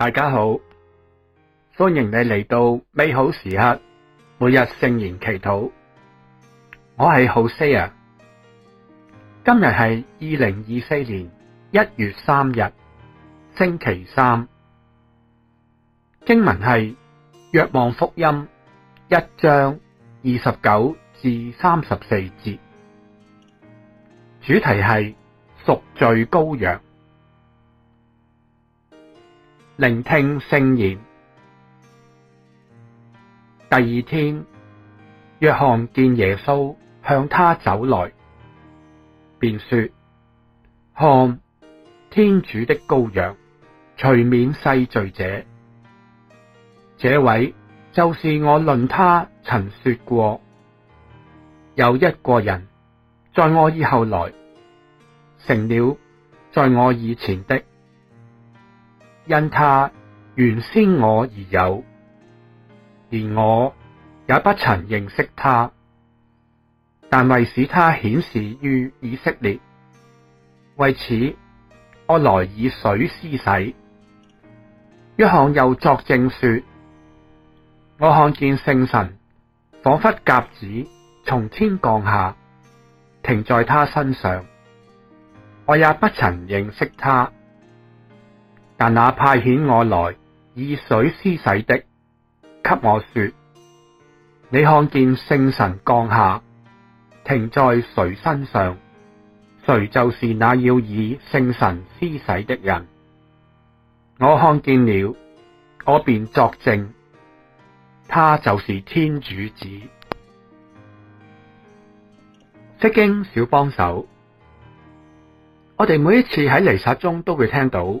大家好，歡迎你嚟到美好時刻，每日聖言祈禱。我係浩西亞，今日係二零二四年一月三日，星期三。經文係《若望福音》一章二十九至三十四節，主題係贖罪羔羊。聆聽聖言。第二天，若翰見耶穌向他走來，便說：看，天主的羔羊，除免世罪者。這位就是我論他曾說過，有一個人在我以後來，成了在我以前的。因他原先我而有，而我也不曾認識他，但為使他顯示於以色列，為此我來以水施洗。若翰又作證說：我看見聖神仿佛鴿子從天降下，停在他身上。我也不曾認識他。但那派遣我來以水施洗的，給我說：你看見聖神降下，停在誰身上，誰就是那要以聖神施洗的人。我看見了，我便作證，他就是天主子。釋經小幫手，我哋每一次喺彌撒中都會聽到。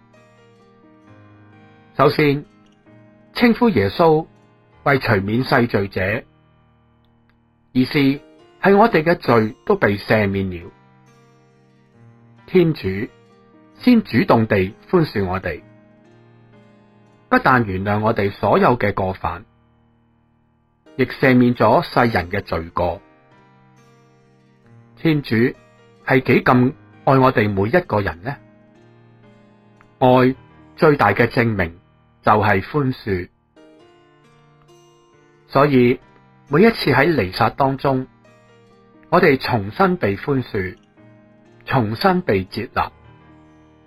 首先，稱呼耶穌為除免世罪者，而是係我哋嘅罪都被赦免了。天主先主動地寬恕我哋，不但原諒我哋所有嘅過犯，亦赦免咗世人嘅罪過。天主係幾咁愛我哋每一個人呢？愛最大嘅證明。就係寬恕，所以每一次喺彌撒當中，我哋重新被寬恕，重新被接納，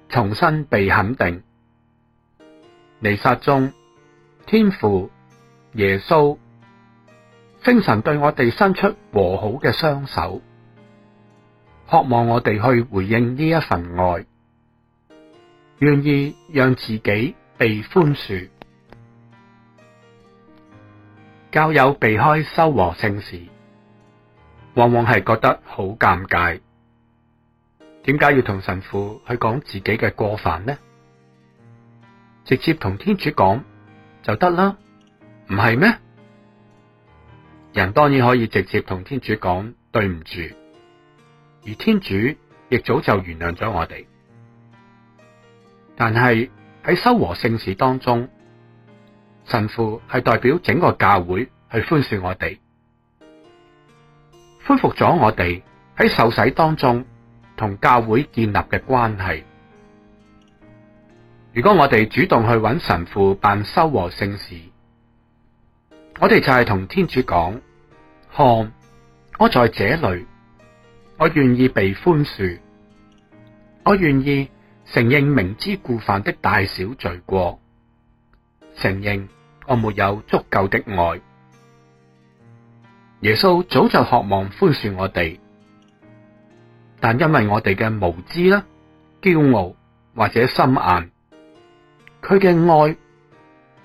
重新被肯定。彌撒中，天父、耶穌、聖神對我哋伸出和好嘅雙手，渴望我哋去回應呢一份愛，願意讓自己。被寬恕，教友避開修和聖事，往往係覺得好尷尬。點解要同神父去講自己嘅過犯呢？直接同天主講就得啦，唔係咩？人當然可以直接同天主講對唔住，而天主亦早就原諒咗我哋，但係。喺修和聖事當中，神父係代表整個教會去寬恕我哋，恢復咗我哋喺受洗當中同教會建立嘅關係。如果我哋主動去揾神父辦修和聖事，我哋就係同天主講：「看，我在這裏，我願意被寬恕，我願意。承認明知故犯的大小罪過，承認我沒有足夠的愛。耶穌早就渴望寬恕我哋，但因為我哋嘅無知啦、驕傲或者心硬，佢嘅愛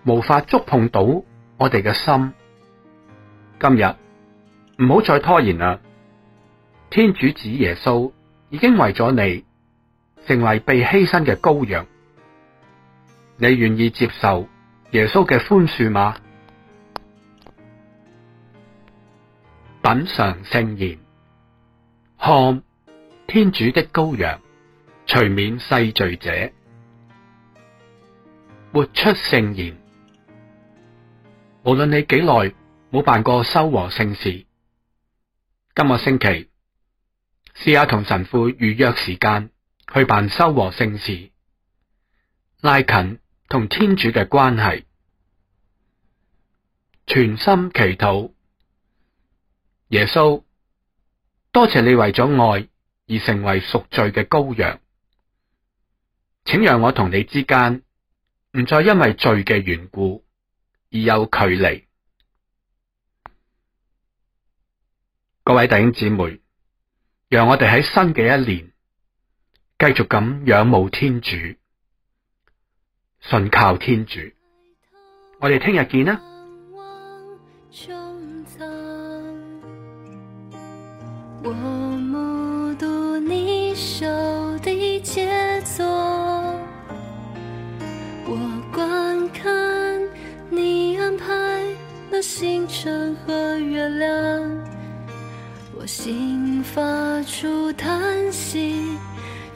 無法觸碰到我哋嘅心。今日唔好再拖延啦，天主子耶穌已經為咗你。成為被犧牲嘅羔羊，你願意接受耶穌嘅寬恕嗎？品嚐聖言，看，天主的羔羊，除免世罪者！活出聖言。無論你幾耐冇辦過修和聖事，今個星期試下同神父預約時間。去辦修和聖事，拉近同天主嘅關係，全心祈禱。耶穌，多謝你為咗愛而成為贖罪嘅羔羊，請讓我同你之間唔再因為罪嘅緣故而有距離。各位弟兄姊妹，讓我哋喺新嘅一年。繼續咁仰慕天主，信靠天主。我哋聽日見啦。我觀看你安排，月 亮樂，出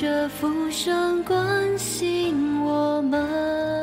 這浮生關心我們。